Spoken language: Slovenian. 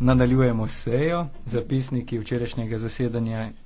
Nadaljujemo sejo. Zapisniki včerajšnjega zasedanja.